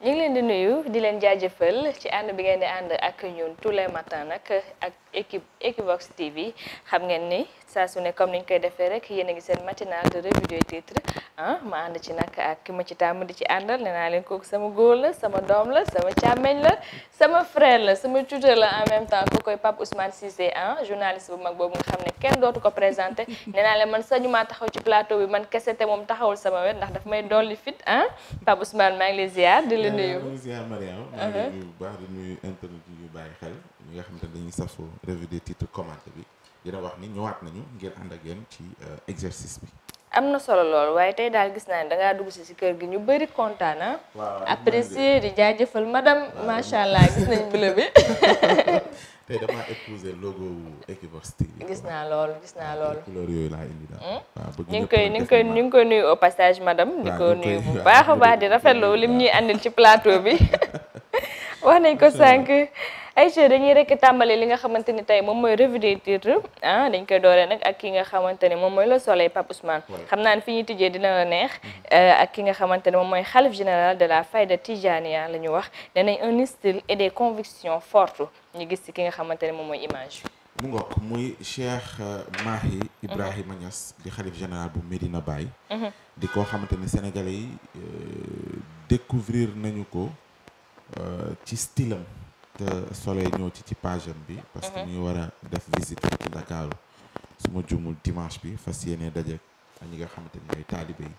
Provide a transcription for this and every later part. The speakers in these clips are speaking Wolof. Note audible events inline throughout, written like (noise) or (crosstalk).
ñu ngi leen di nuyu di leen jaajëfal ci ànd bi ngeen di ànd ak ñun tous les matins nag ak équipe Equivox TV xam ngeen ni saa su ne comme ni niñ koy defee rek yéen a ngi seen matinal de revue des titres ah, ma ànd ci nag ak ki ma ci tàmm di ci àndal nee naa leen kooku sama góor la sama doom la sama càmmeñ la sama frère la sama tuteur la en même temps kookoy Pape Ousmane Cissé ah journaliste bu mag boobu nga xam ne kenn dootu ko présenté nee leen man sañu maa taxaw ci plateau bi man kese te moom taxawul sama wet ndax daf may dolli fit ah Pape Ousmane maa ngi lay di la nuyu. ñi nga xam te dañuy safoo revue des titres commenté euh, bi am na solo lool waaye tey daal gis naa ne da ngaa dugg si kër gi ñu bëri kontaan ah. waaw di jaajëfal madame macha allah gis nañ (laughs) gis naa loolu gis naa loolu. couleur yooyu laa indi daal. Hmm? waaw ñu koy ñu ngi koy ñu ngi koy nuyu au passage madame. di ko nuyu bu (laughs) baax a baax di rafetlu lim ñuy àndil ci plateau bi. (laughs) wax nañ ko sànq. Aïcha dañuy rek tàmbali li nga xamante ni tey moom mooy revue des titres ah dañ koy dooree nag ak ki nga xamante ne moom mooy le soleil Pape Ousmane xam naa ne fi ñuy tijjee dina neex mm-hmm. euh, ak ki nga xamante ne moom mooy xalif général de la Fayda Tijaniya la ñu wax danañ un style et des convictions fortes ñu gis ci ki nga xamante ne moom mooy image mu ngoog muy Cheikh euh, Mahi Ibrahima mm-hmm. Niass di xalif général bu Medina Baye mm-hmm. di koo xamante ne sénégalais yi euh, découvrir nañu ko ci te soleil ñëw ci ci page bi. parce que mu mhm. ngi war a def visite ci Ndakaaru su ma dimanche bi fas yéene daje ak ñi nga xamante ni ñooy taalibe yi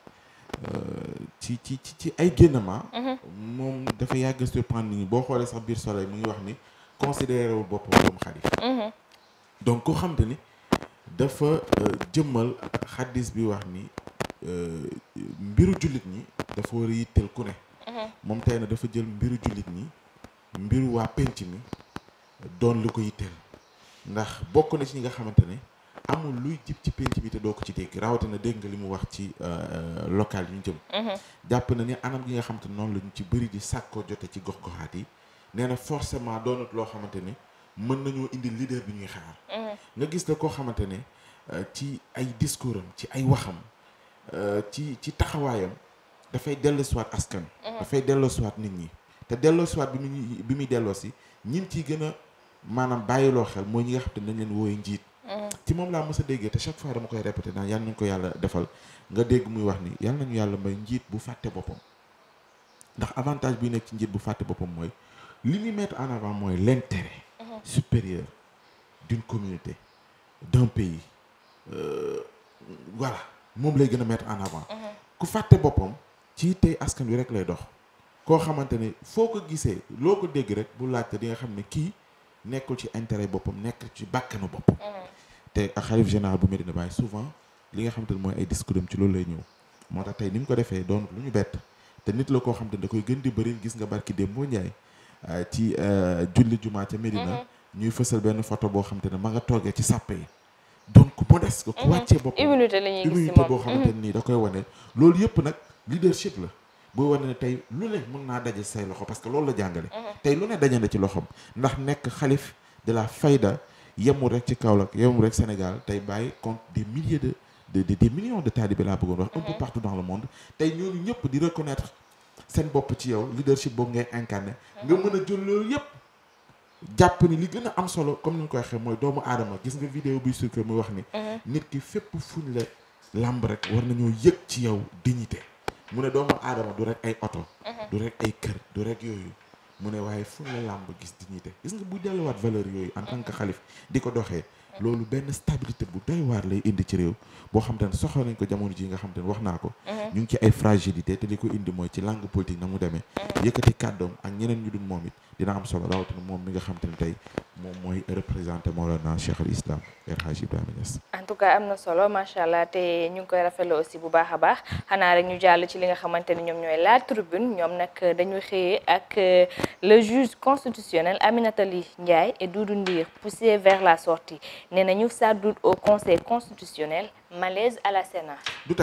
euh, ci ci ci ci ay génnement mhm. moom dafa yàgg surprendre nit boo xoolee sax biir soleil mu ngi wax ni considéré wul boppam comme xalif mhm. donc koo xamante ni dafa euh, jëmmal xaddis bi wax ni euh, mbiru jullit ñi dafa war a yitteel ku ne moom tey na dafa jël mbiru jullit ñi mbiru waa penc mi doon lu ko yitteel ndax bokk na ci ñi nga xamante ne amul luy jib ci penc bi te doo ko ci dégg rawatina dégg nga li mu wax ci euh, euh, local yi ñu jëm mhm. jàpp na ni anam gi nga xamante ne noonu lañu ci bëri di sàkkoo jote ci gox goxaat yi nee na forcément doonut loo xamante ne mën nañoo indi leader bi ñuy xaar mhm. nga gis la koo xamante ne euh, ci ay discours ci ay waxam ci ci taxawaayam dafay dellusiwaat askan mhm. dafay dellusiwaat nit ñi te delloo si waat bi muy bi muy delloo si ñin ciy gën a maanaam bàyyiloo xel mooy ñi nga xam te nañ leen wooye njiit mm. ci moom laa mës a déggee te chaque fois dama koy répété naan yàlla nañ ko yàlla defal nga dégg muy wax ni yàlla nañu yàlla may njiit bu fàtte boppam ndax avantage bi nekk ci njiit bu fàtte boppam mooy li muy mettre en avant mooy l'intérêt mm-hmm. supérieur d'une communauté d'un pays euh, voilà moom lay gën a mettre en avant mm-hmm. ku fàtte boppam ci tey askan wi rek lay dox koo xamante ne foo ko gisee loo ko dégg rek bu laajte di nga xam ne kii nekkul ci intérêt boppam nekk ci bàkkanu bopp mm-hmm. te ak xalif général bu Medina Baye souvent li nga xamante ne mooy ay dem ci loolu lay ñëw moo tax tey ni mu ko defee doon lu ñu bett te nit la koo xamante ne da koy gën di bëri gis nga barki démb boo njaay ah, ci euh, julli jumaa ca Medina mm-hmm. ñuy fësal benn photo boo xamante ne ma nga toogee ci sàppe yi donc modeste ko ku mm-hmm. wàccee boppam immunité xamante ne nii da koy wane loolu yëpp nag leadership la booy wane ne tey lu ne mën naa daje say loxo parce que loolu la jàngale mhm. tey lu ne daje na ci loxom ndax nekk xalif de la fayda yemul rek ci Kaolack yemul rek Sénégal tey bàyyi compte des milliers de de des millions de taalibe la bëggoon wax un peu mhm. partout dans la monde tey ñooñu ñëpp di reconnaître seen bopp ci yow leadership book ngay incarné mhm. nga mën a jël loolu yëpp jàpp ni li gën a am solo comme ni ñu koy waxee mooy doomu aadama gis nga vidéo bi circulé muy wax ni nit ki fépp fuñ la làmb rek war nañoo yëg ci yow dignité mu ne doomu aadama du rek ay oto mhm. du rek ay kër du rek yooyu mu ne waaye fu la làmb gis nii dignité gis nga bu waat valeur yooyu en tant que mhm. xalif di ko doxee mhm. loolu benn stabilité bu doy waar lay indi ci réew boo xam te ne soxla nañ ko jamono ji nga xam te ne wax naa ko ñu ngi ci ay fragilité te li ko indi mooy ci langue politique na mu demee yëkkati kàddoom ak ñeneen ñu dul moom it dina am solo rawatina moom mi nga xam te ne tey moom mooy représenté Mawlana Cheikh al Islam en tout cas am na solo macha allah te ñu ngi koy rafetlu aussi bu baax a baax xanaa rek ñu jàll ci li nga xamante ne ñoom ñooy la tribune ñoom nag dañu xëyee ak euh, le juge constitutionnel Aminata Ly Ndiaye et Doudou Ndir poussé vers la sortie nee nañu ça doute au conseil constitutionnel malaise à la Sénat du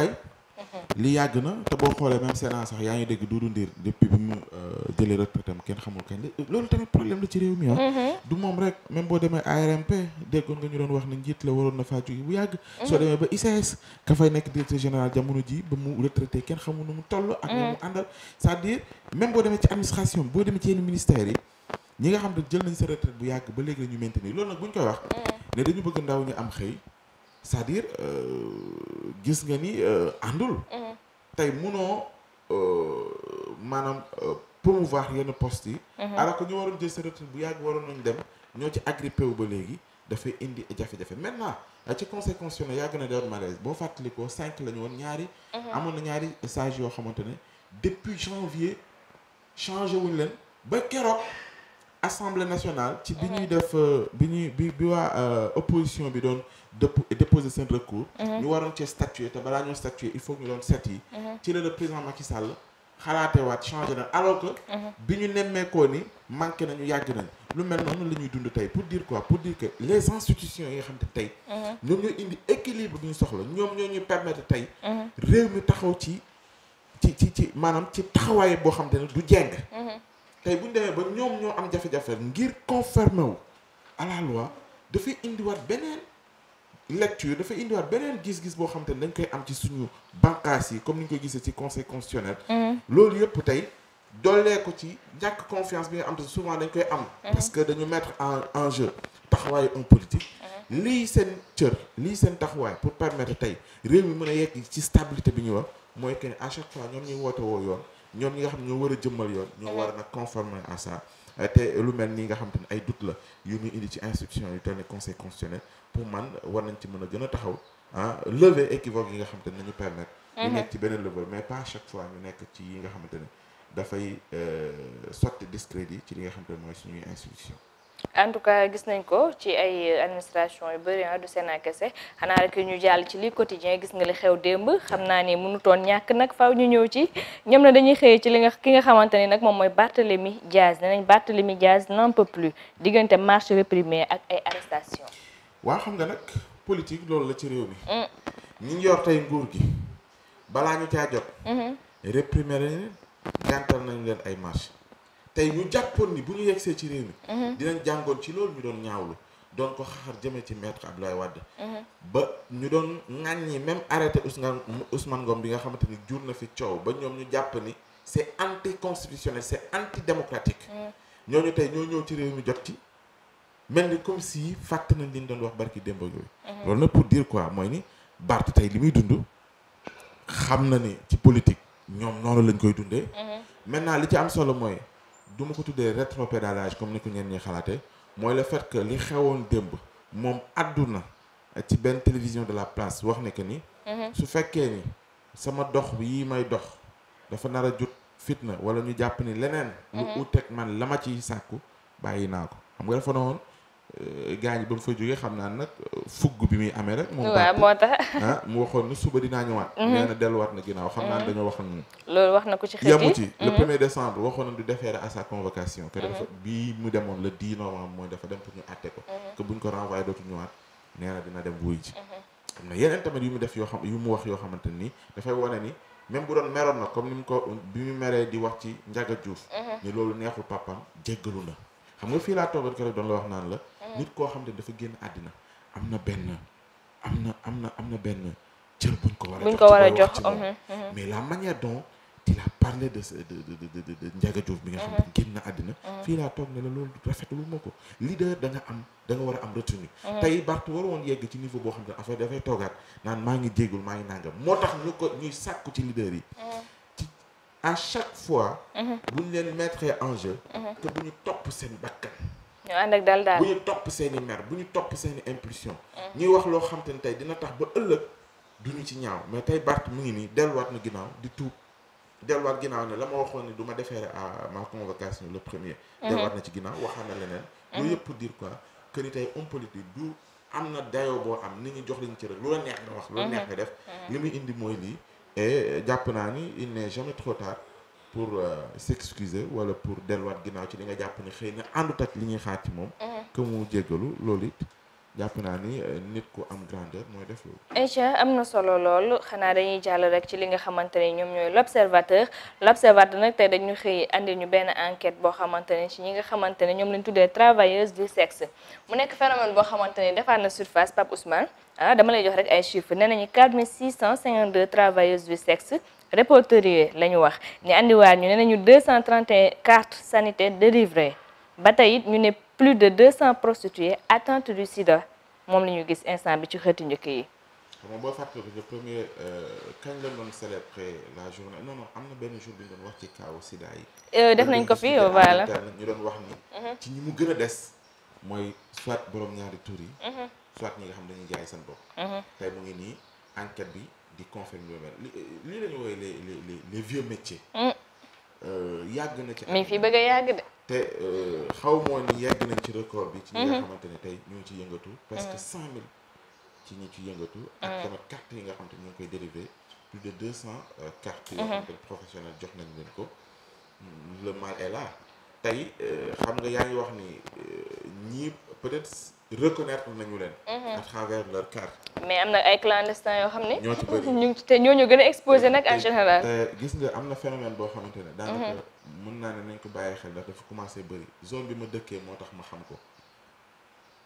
li yàgg na te boo xoolee même Sénat sax yaa ngi dégg du Ndir depuis bi mu euh, jëlee retraite am kenn xamul kañ la loolu tamit problème la ci réew mi ah. Mm-hmm. du moom rek même boo demee ARMP déggoon nga ñu doon wax ne njiit la waroon na faa jóge bu yàgg. Mm-hmm. soo demee ba ICS ka fay nekk jamono ji ba mu retraité kenn xamul nu mu toll. ak mm-hmm. àndal cest même boo demee ci administration boo demee ci yenn ministères yi. ñi nga xam ne jël nañ sa retraite bu yàgg ba léegi la ñu maintenir loolu nag bu ñu koy wax. ne dañu bëgg ndaw ñu am xëy. c'est-à-dire euh, gis nga ni euh, àndul mm. tey munoo euh, maanaam promouvoir yenn poste yi mm-hmm. alors que ñu waroon jël seen retraite bu yàgg waroon nañ dem ñoo ci agrippé ba léegi dafay indi jafe-jafe maintenant ah, ci conseil constitutionnel yàgg na doon malaise boo fàttalikoo cinq la ñu woon ñaari mm-hmm. amoon na ñaari sage yoo xamante ne depuis janvier changé wuñ leen ba keroog assemblée nationale ci bi ñuy mhm. def euh, bi ñuy bi bi waa euh, opposition bi doon déposer seen recours mhm. ñu waroon cee statuer te balaa ñoo statuer il faut ñu doon seet yi mhm. ci la le président Macky Sall xalaate waat changé na alors bi ñu nemmeekoo ni manqué nañu yàgg nañ lu mel noonu la ñuy dund tey pour dire quoi pour dire que les institutions yoo xam ne tey ñoom ñoo indi équilibre bi ñu soxla ñoom ñoo ñuy permettre tey réew mi taxaw ci ci ci ci maanaam ci taxawaay boo xam te ne du jeng tey bu ñu demee ba ñoom ñoo am jafe-jafe ngir conformer wu à la dafay indiwaat beneen lecture dafay indiwaat beneen gis-gis boo xam te ne dañ koy am ci suñu bànqaas yi comme ni ñu koy gisee ci conseil constitutionnel. Mm. loolu yëpp tey doolee ko ci ñàkk confiance bi nga am te souvent dañ koy am. Mm. parce que dañu mettre en en jeu taxawaayu un politique. Mm. lii seen cër lii seen taxawaay pour permettre tey réew mi mën a yegg ci stabilité bi ñu wax mooy que ne à chaque fois ñoom ñuy woote yoon. ñoom ñi nga xam ne ñoo war a jëmmal yoon ñoo mhm. war a nag conformer à ça te lu mel nii nga xam te ne ay doute la yu ñuy indi ci institution yu tel ne conseil constitutionnel pour man war nañ ci mën a gën a taxaw ah lever équivoque yi nga xam te ne nañu permettre ñu mhm. nekk ci beneen level mais pas chaque fois ñu nekk ci yi nga xamante ne dafay euh, sotti discrédit ci li nga xam te ne mooy suñuy institution en tout cas gis nañ ko ci ay administration yu bëri na ah, du Sénat kese xanaa rek ñu jàll ci li quotidien gis nga li xew démb xam naa ni mënutoon ñàkk nag faaw ñu ñëw ci ñoom na dañuy xëyee ci li nga ki nga xamante ni nag moom mooy Barthélemy Diaz nenañ Barthélemy Diaz n'en peut plus diggante marche réprimée ak ay arrestation waa xam nga nag politique loolu la ci réew mi mm. ñi ngi yor tey gi balaa ñu caa jot mm-hmm. réprimer nañ gàntal nañu leen ay marche tey ñu jàppoon ni bu ñu yegsee ci réew mi mhm. dinañ jàngoon ci loolu ñu doon ñaawlu doon ko xaxar jëmee ci maître Abdoulaye Wade mhm. ba ñu doon ŋàññi même arrêté Ousmane Ousmane Ngom bi nga xamante ni jur na fi coow ba ñoom ñu jàpp ni c'est anti c'est antidémocratique mhm. ñooñu tey ñoo ñëw ci réew mi jot ci mel ni comme si fàtt nañ li ñu doon wax barki démb yooyu loolu nag pour dire quoi mooy ni Barth tey li muy dund xam na ni ci politique ñoom noonu lañ koy dundee maintenant li ci am solo mooy du ma ko tuddee rétropédalage comme ni ko ñenn ñi xalaate mooy la fait que li xewoon démb moom àdduna ci benn télévision de la place wax ne que ni mhm. su fekkee ni sama dox yi may dox dafa nar a jut fitna wala ñu jàpp ni leneen lu mhm. uteeg man la ma ciy sàkku bàyyi naa ko xam nga dafa Euh, gaañ ba mu fa jógee xam naa nag euh, fugg bi muy amee rek. moom moo tax (laughs) ah mu waxoon ni suba dinaa ñëwaat. Mhm. nee na delluwaat na ginnaaw xam naa mhm. dañoo wax na. loolu wax na ko ci xëy yamu ci le mhm. premier décembre waxoon na du déférer à sa convocation. que dafa bii mu demoon le 10 novembre mooy dafa dem pour ñu àtte ko. que buñ ko renvoyé dootu ñëwaat nee na dina dem wuy ji. xam na yeneen tamit yu mu def yoo xam yu mu wax yoo xamante ni dafay wone ni même bu doon meroon na comme ni mu ko bi mu meree di wax ci Ndiaga Diouf. ni loolu neexul papam jéggalu na xam nga fii laa toogal keroog doon wax naan la nit koo xam ne dafa génn àddina am na benn am na am na am na benn cër buñ ko war a jox mhm, mhm. mais la manière dont il a parlé de de de de de Ndiaga bi nga xam ne mhm. génn na àddina. fii laa toog ne la loolu rafetlu ma ko leader da am da nga war a am retenu. tey Barth war woon yegg ci niveau boo xam ne affaire dafay toogaat naan maa ngi jéggul maa ngi nangam moo tax ñu ko ñuy sàkku ci leader yi. ci à chaque fois. buñ leen mettre en jeu. que topp seen bakkan. ñu ànd ak dal daal bu ñu topp seen i mer bu ñu topp seeni i impulsion. ñuy wax loo xam te ne tey dina tax ba ëllëg du ñu ci ñaaw mais tey Barth mu ngi nii delluwaat na ginnaaw di tuub delluwaat ginnaaw ne la ma waxoon ne du ma déférer à ma convocation le premier. Mhm. delluwaat na ci ginnaaw waxaan na leneen. Mhm. loolu yëpp pour dire quoi que ni tey homme politique du am na dayo boo am ni ñi jox lañ ci rek lu la neex nga wax. lu la mhm. neex nga def li muy indi mooy lii. et jàpp naa ni il n'est jamais trop pour euh, s'excuser wala pour delluwaat ginnaaw ci li nga jàpp ne xëy na àndut ak li ñuy xaar ci moom. Mm-hmm. que mu jéggalu loolu it jàpp naa ni euh, nit ku am grandeur mooy def loolu. Aïcha am na solo loolu xanaa dañuy jàll rek ci li nga xamante ne ñoom ñooy l'observateur l'observateur nag tey dañu xëy andi ñu benn enquête boo xamante ne ci ñi nga xamante ne ñoom lañu tuddee travailleuse du sexe mu nekk phénomène boo xamante ne defaat na surface Pape Ousmane ah dama lay jox rek ay chiffres nee nañu 4652 travailleuses du sexe répertoriées la ñu wax ñu andiwaat ñu nee nañu 234 cartes sanitaires délivrées ba tey it ñu ne. plus de 200 prostituées atteintes du sida moom la gis instant bi ci xëti njëkk yi. xam nga boo fàttaliku le premier euh, kañ la doon célébrer la journée non non am na benn jour bi ñu doon wax ci kaw sida yi. Euh, def nañ ko fi voilà ñu doon wax ni. ci ñi mu gën a des mooy soit borom ñaari tur mhm. soit ñi nga xam dañuy jaay seen bopp. Mhm. tey mu ngi nii enquête bi di confirmer lu mel euh, lii la ñu woowee les vieux métiers. Mm. yàgg na ci. mais fii bëgg a yàgg de. te euh, xaw moo ni yegg nañ ci record bi. ci ñi nga mhm. xamante ne tey ñu ngi ci yëngatu. presque mhm. cent mille ci ñu ci yëngatu. ak mhm. tamit carte yi nga xam te ñu ngi koy dérivé plus de deux cent euh, cartes. yoo xamante ne professionnel jox nañ leen ko. le mal est là tey euh, xam nga yaa ngi wax ni ñii peut-être. reconnaître nañu leen. Mhm. à travers leur carte. mais am na ay clandestins yoo xam ne. ñoo ci bëri (laughs) te ñooñu gën a exposé nag en gis nga am na phénomène boo xamante ne. daanaka mun mhm. naa ne nañ ko bàyyi xel ndax dafa commencé bëri zone bi ma dëkkee moo tax ma xam ko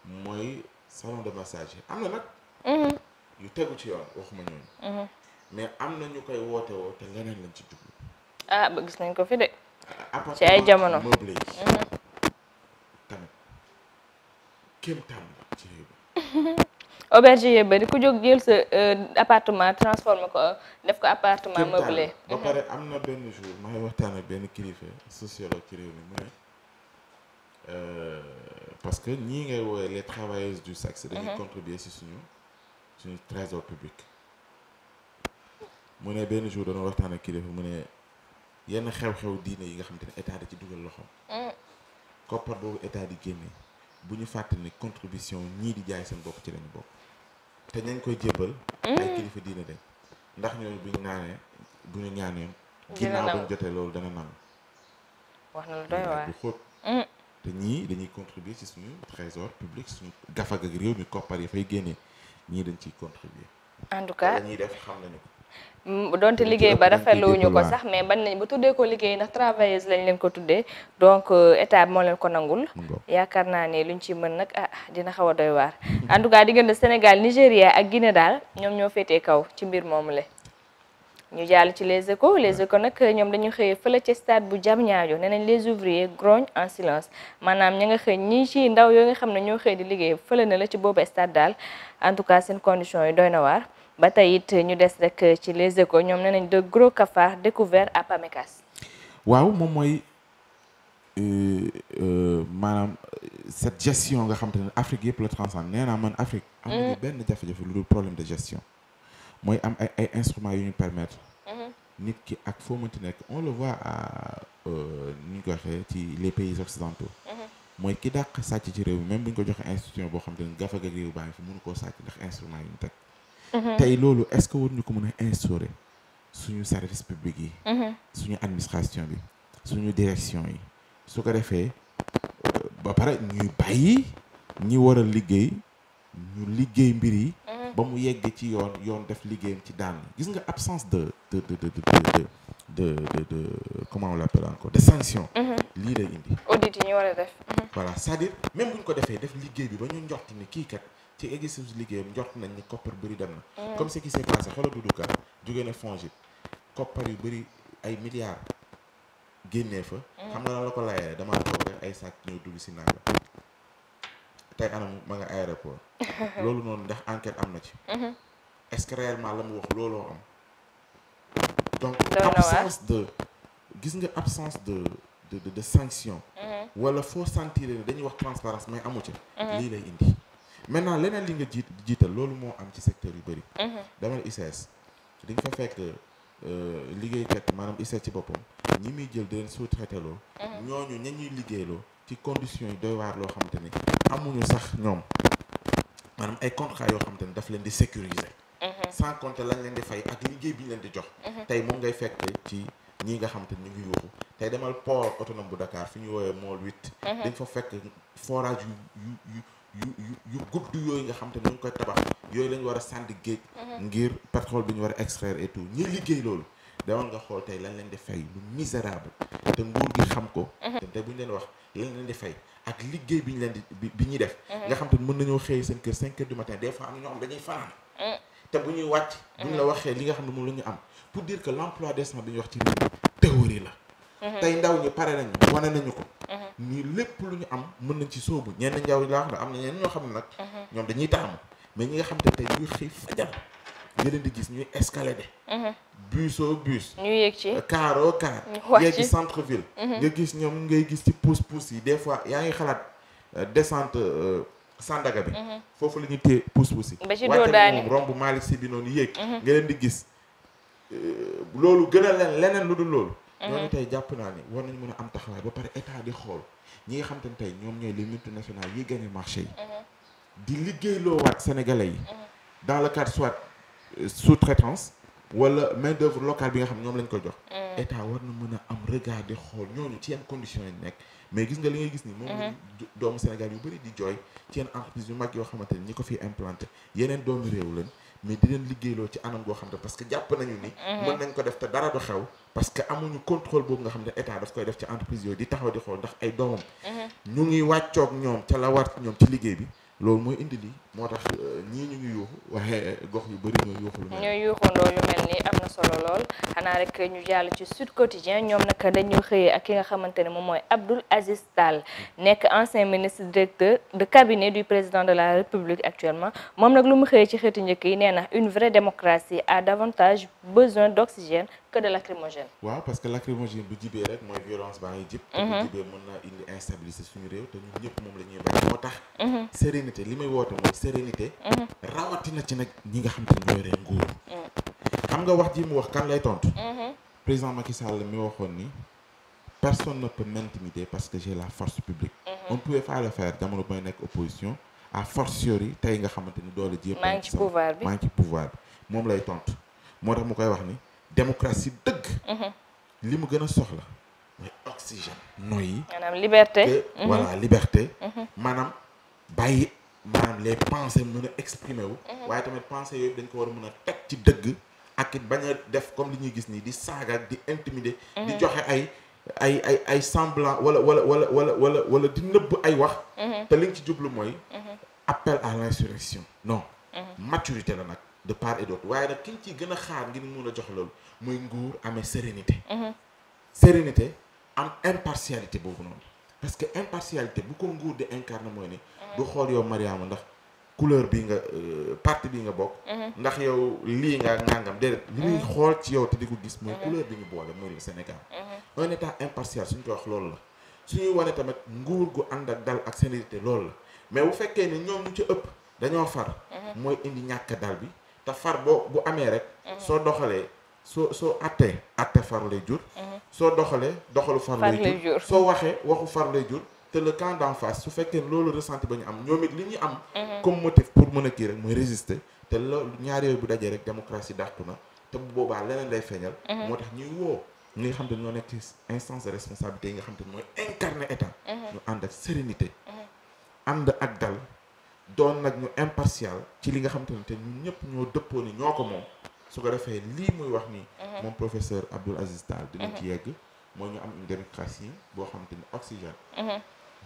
mooy salon de massage am na nag. Mhm. yu tegu ci yoon waxuma ñooñu. mais am na ñu koy woote woo te leneen lañ ci jublu. ah ba gis nañ ko fi de. ci ay jamono appartement kéemtaan la ci réew (laughs) auberge yee bari ku jóg jël sa euh, appartement transformé ko def ko appartement meublé ba mhm. pare am na benn jour may waxtaan ak benn kilifa sociologue ci réew mi mu ne euh, parce que ñii ngay woowee les travailleuses du sexe mhm. si suñu ne benn jour doon waxtaan ak kilifa mu ne yenn xew-xew diine yi nga xam te ne état da ci dugal loxo mhm. koppar boobu état di génne bu ñu fàttali ni contribution ñii di jaay seen bokk ci lañu bokk te ñañ koy jébbal mm. ay kilifa diine de ndax ñooñu buñ naanee bu ñu ñaanee ginnaaw buñ jotee loolu dana nangu wax na bu xóot mm. te ñii dañuy contribuer ci suñu trésor public suñu gafag ak réew mi koppar yi fay génnee ñii dañ ciy contribuer en tout dañuy def xam nañu ko Mm, donte liggéey ba rafetluwuñu ko sax mais ban nañ ba tuddee ko liggéey ndax travailleuse lañ leen ko tuddee donc euh, état moo leen ko nangul yaakaar naa ne ñu ci mën nag ah dina xaw a doy waar en tout cas diggante Sénégal Nigéria ak Guinée daal ñoom ñoo féetee kaw ci mbir moomu le ñu jàll ci les échos les échos nag ñoom dañu xëyee fële ci stade bu Diamniadio ne nañ les ouvriers grognent en silence maanaam ña nga xëy ñi ci ndaw yoo nga xam ne ñoo xëy di liggéey fële na la ci boobu stade daal en tout cas seen condition yi doy na ba tey it ñu des rek ci les écos ñoom nee nañ de gros cafards découverts a Pamecas. waaw moom mooy euh, euh, maanaam cette gestion nga xam te ne Afrique yëpp la transcende nee man Afrique. amuñu mm. benn jafe-jafe lu dul problème de gestion mooy am ay ay instruments yu ñu permettre. Mm-hmm. nit ki ak foo mënti nekk on le voit à euh, ni ñu ko waxee ci les pays occidentaux. Mm-hmm. mooy ki dàq sàcc ci réew mi même bu ñu ko joxe institution boo xam te ne gafa ga réew baa ngi fi mënu koo sàcc ndax instruments yi tey loolu est-ce que war ñu ko mën a instaurer suñu service public yi. suñu administration bi suñu direction yi su ko defee ba pare ñuy bàyyi ñi war liggéey ñu liggéey mbir yi. ba mu yegg ci yoon yoon def liggéeyam ci daan gis nga absence de de de de de de de comment on l'appelle encore de sanction. lii lay indi. audit ñu war def. voilà c'est-à-dire même ko defee def liggéey bi ba ñu njort ni kii ci exécutif liggéeyam njort nañ ni koppar bëri dem na. Mm. comme ce qui s'est passé xoolal Doudou Ka jóge na Fongip koppar yu bëri ay milliards génnee fa. Mm. xam nga la ko laajee damaa toog rek ay sàcc ñëw dugg si naaj la tey anam ma nga aéroport. (laughs) loolu noonu ndax enquête am na ci. Mm-hmm. est-ce que la mu wax looloo am. donc absence de gis nga absence de de de sanction. Mm-hmm. wala foo sentir ne dañu wax transparence mais amu ci. Mm-hmm. lii lay indi. maintenant leneen li nga jiit jiital loolu moo am ci secteur yu bëri. Mhm. dama ne ICS di nga fa fekk liggéey euh, liggéeykat maanaam ICS ci boppam ñi muy jël di leen sous-traité loo. Mhm. ñooñu ña ñuy liggéeyloo ci condition yi doy waar loo xamante ni amuñu sax ñoom maanaam ay contrat yoo xamante ni daf leen di sécuriser. Mhm. sans compter lañ leen di fay ak liggéey bi ñu leen di jox. tey moom ngay fekk ci ñii nga xamante ni ñu ngi yuuxu tey demal port autonome bu Dakar fi ñu woowee mool 8. dañ fa fekk forage yu yu yu yu gudd yooyu nga xam te ne ñu ngi koy tabax yooyu lañ war a sànni géej mhm. ngir pétrole bi ñu war a extraire et tout liggéey loolu demal nga xool tey lañ leen di fay lu misérable te gi xam ko mhm. te tey bu leen wax lañ leen di fay ak liggéey bi ñu leen di bi ñuy def mhm. nga xam te mën nañoo xëyee seen kër cinq heures du matin des fois am na ñoo xam dañuy fanaan te bu ñuy wàcc buñ la xee li nga xam ne moom la ñu am pour dire que l'emploi décent bi ñu wax ci réew théorie la tey ndaw ñi pare nañu wane nañu ko ñii lépp lu ñu am mën nañ ci sóobu ñenn njaw laa xam ne am na ñenn ñoo xam ne nag mhm. ñoom dañuy taamu mais ñi nga xam te tey ñuy xëy fajar nga leen di gis ñuy escalader mhm. bus au bus ñu yéeg ci car au car yéeg ci centre ville mhm. ñoom ngay gis ci pousse pousse yi des fois yaa ngi xalaat euh, descente euh, Sandaga bi foofu la ñuy téye pousse pousse yi waaye moom romb Malick bi noonu yéeg nga leen di gis euh, loolu gën a leen leneen lu dul loolu loolu mhm. tey jàpp naa ne war nañ mën a am taxawaay ba pare état di xool ñi nga xam te ne tey ñoom ñooy les multinationales yi gagné marché yi mhm. di liggéey loowaat sénégalais yi mhm. dans le cadre soit euh, sous-traitance wala main d'œuvre locale bi nga xam ñoom lañ ko jox état war na mën a am regard di xool ñooñu ci yan condition yi nekk mais gis nga li ngay gis ni moom doomu Sénégal yu bëri di jooy ci yenn entreprise yu mag yoo xamante ne ñi ko fi implanté yeneen doomu réew lañ mais di leen liggéeyloo ci anam goo xam ne parce que jàpp nañu ni. Mhm. mën nañ ko def te dara du xew. parce que amuñu contrôle boobu nga xam ne état daf koy def ci entreprise yooyu di taxaw di xool ndax ay doomam. Mhm. ñu ngi wàccoog ñoom ca la war ñoom ci liggéey bi. loolu mooy indi lii moo tax euh, ñii ñu ngi yuuxu waxee gox yu bëri ñooy yuuxu lu mel ñooy yuuxandoo lu mel ni am na solo lool xanaa rek ñu jàll ci Sud Quotidien ñoom nag dañu xëyee ak ki nga xamante ne moom mooy Abdoul Aziz Tall nekk ancien ministre directeur de cabinet du président de la République actuellement moom nag lu mu xëyee ci xeetu njëkk yi nee na une vraie démocratie a davantage besoin d'oxygène que a lacrymogène. waaw parce que lacrymogène bu jibee rek mooy violence baa ngi jib. Mhm. te bu jibee mën naa indi instabilité suñu réew te ñun ñëpp moom la ñuy bañ moo tax. Mhm. sérénité li may woote mooy sérénité. Mhm. ci nag ñi nga xam te ne ñooy nguur. xam nga wax ji mu wax kan lay tontu. président Macky Sall mi waxoon ni personne ne peut parce que j'ai la force publique. on ne pouvait pas le faire jamono bay tey nga xamante ni doole ji. maa ngi ci pouvoir maa ngi ci moom lay tontu moo tax mu koy wax ni. démocratie dëgg. Mhm. li mu gën a soxla mooy oxygène noyyi. maanaam liberté. Mhm. voilà liberté. Mhm. maanaam bàyyi maanaam les pensées mën a exprimer wu. waaye tamit pensées yooyu dañ ko war a mën a teg ci dëgg. ak it bañ a def comme li ñuy gis nii di saaga di intimider. di joxe ay ay ay ay semblant wala wala wala wala wala wala di nëbb ay wax. te li nga ci jublu mooy. appel à l'insurrection non. maturité la nag. de part et d'autre waaye nag ki ñu gën a xaar ngir mun a jox loolu muy nguur amee sérénité. Mm-hmm. sérénité am impartialité boobu noonu parce que impartialité bu ko nguur di incarné mooy ne. Mm-hmm. du xool yow Mariama ndax couleur bi nga euh, parti bi nga bokk. Mm-hmm. ndax yow lii nga nangam déedéet. li muy xool ci yow te di ko gis mooy couleur bi ñu boole muy le Sénégal. un état impartial suñ ko wax loolu la suñuy wane tamit nguur gu ànd ak dal ak sérénité loolu la mais bu fekkee ni ñoom lu ci ëpp dañoo far. mooy indi ñàkk dal bi. te far boo bu amee rek mhm. soo doxalee soo soo atte atte far lay jur mhm. soo doxalee doxalu far lay jur soo waxee waxu far lay jur te le camp d'en face su fekkee loolu ressenti ba ñu am ñoom it li ñu am mhm. comme motif pour mën a kii rek mooy résister te loolu ñaar yooyu bu dajee rek démocratie dàqu na te bu boobaa leneen lay feeñal moo tax ñuy woo ñi xam te ñoo nekk ci instance de responsabilité yi nga xam te mooy incarner état ñu ànd ak sérénité ànd ak dal nag ñu impartial ci li nga xam te ne te ñëpp ñoo dëppoo ni ñoo ko moom su ko defee lii muy wax ni mhm. moom professeur Abdoul Aziz Tall dina mhm. ci yegg moo ñu am une démocratie boo xam te ne oxygène mhm.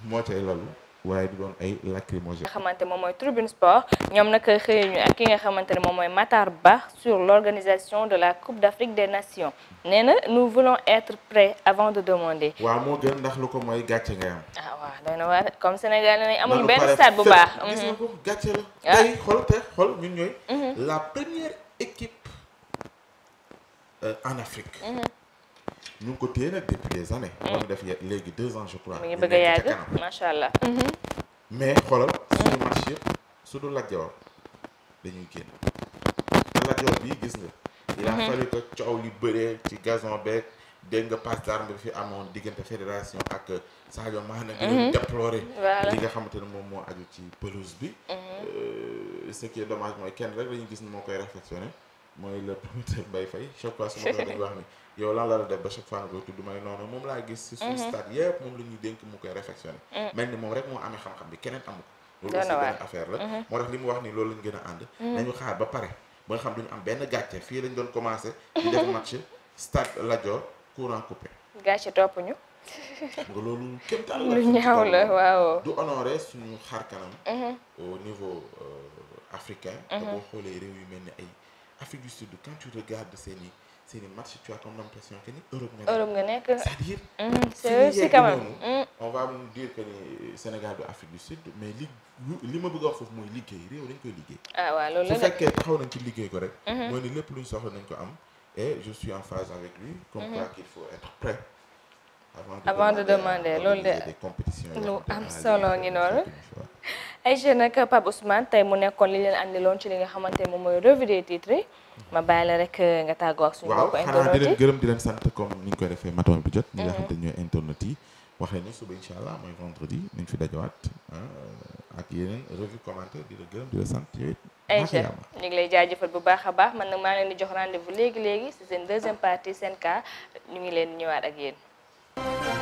moo tey loolu waaye du doon ay lacrymogène. nga xamante moom mooy Tribune Sport ñoom nag xëyuñu ak ki nga xamante ne moom mooy Matar Ba sur l'organisation de la Coupe d'Afrique des Nations nee na nous voulons être prêts avant de demander. waaw moo gën ndax lu ko mooy gàcce nga am. ah waaw doy na waar comme Sénégal nee nañ amuñu benn stade bu baax. gis nga ko mhm. gàcce la. Ah. tey te xool ñun ñooy. Mhm. la première équipe euh, en Afrique. Mhm. ñu ngi ko téye nag depuis des années. war mm. na def léegi deux ans je crois. mu ngi bëgg a yàgg macha allah. Mm-hmm. mais xoolal mm. suñu marché yëpp su dul Lat Joor dañuy génn te Lat bii gis nga. il a mm-hmm. fallu que coow li bëree ci gazon beeg dégg nga passe d'armes bi fi amoon diggante fédération ak Sadio Mané. di mm-hmm. déplorer nga xamante ne moom moo aju ci pelouse bi. Euh, ce qui est mooy kenn rek lañu gis ni moo koy réflexionné. mooy le promoteur Mbaye Faye chaque fois su ma ko dañuy noonu moom laa gis. si suñu mhm. stade yëpp moom la ñuy dénk mu koy réfectionné. Mhm. mel ni moom rek moo amee xam-xam bi keneen amu loolu aussi la. Mhm. moo tax li mu wax ni loolu lañ gën a ànd. nañu xaar ba pare ba nga xam duñu am benn gàcce fii lañ doon commencé. di def match stade Lat courant coupé. gàcce topp ñu. nga loolu kéem tànn la lu ñaaw la waaw. du honoré suñu xaar niveau euh, africain. te xoolee réew yu mel ni ay. Afrique du Sud quand tu regardes seen i seen i match tu as comme l'impression que ni Europe nga nekk. dire mm, c'est aussi quand même mm. on va mu dire que ni Sénégal du Afrique du Sud mais li li ma bëgg a wax foofu mooy liggéey réew dañ koy liggéey. ah waaw loolu la su fekkee taxaw nañ ci liggéey ko rek. Mhm. mooy ni lépp luñ soxla nañ ko am. et je suis en phase avec lui. comme mhm. quoi qu'il faut être prêt. avant de demander loolu de des compétitions am solo ngi noonu. ayca nag Pape Ousmane tey mu nekkoon li leen andiloon ci li nga xamante moom mooy revue des titres ma bàyyi la rek euh, nga tàggoo ak suñu mbokku internautes yi waaw di leen sant comme ni ñu bi jot ñi nga mm-hmm. xamante ñooy internautes yi suba incha allah mooy vendredi ñu fi dajawaat ah, ak yeneen revue commentaire di la gërëm di la sant yow it ayca ñu ngi lay jaajëfal bu baax a baax man nag maa leen di jox rendez-vous léegi-léegi si seen deuxième partie seen cas ñu ngi leen ñëwaat ak yéen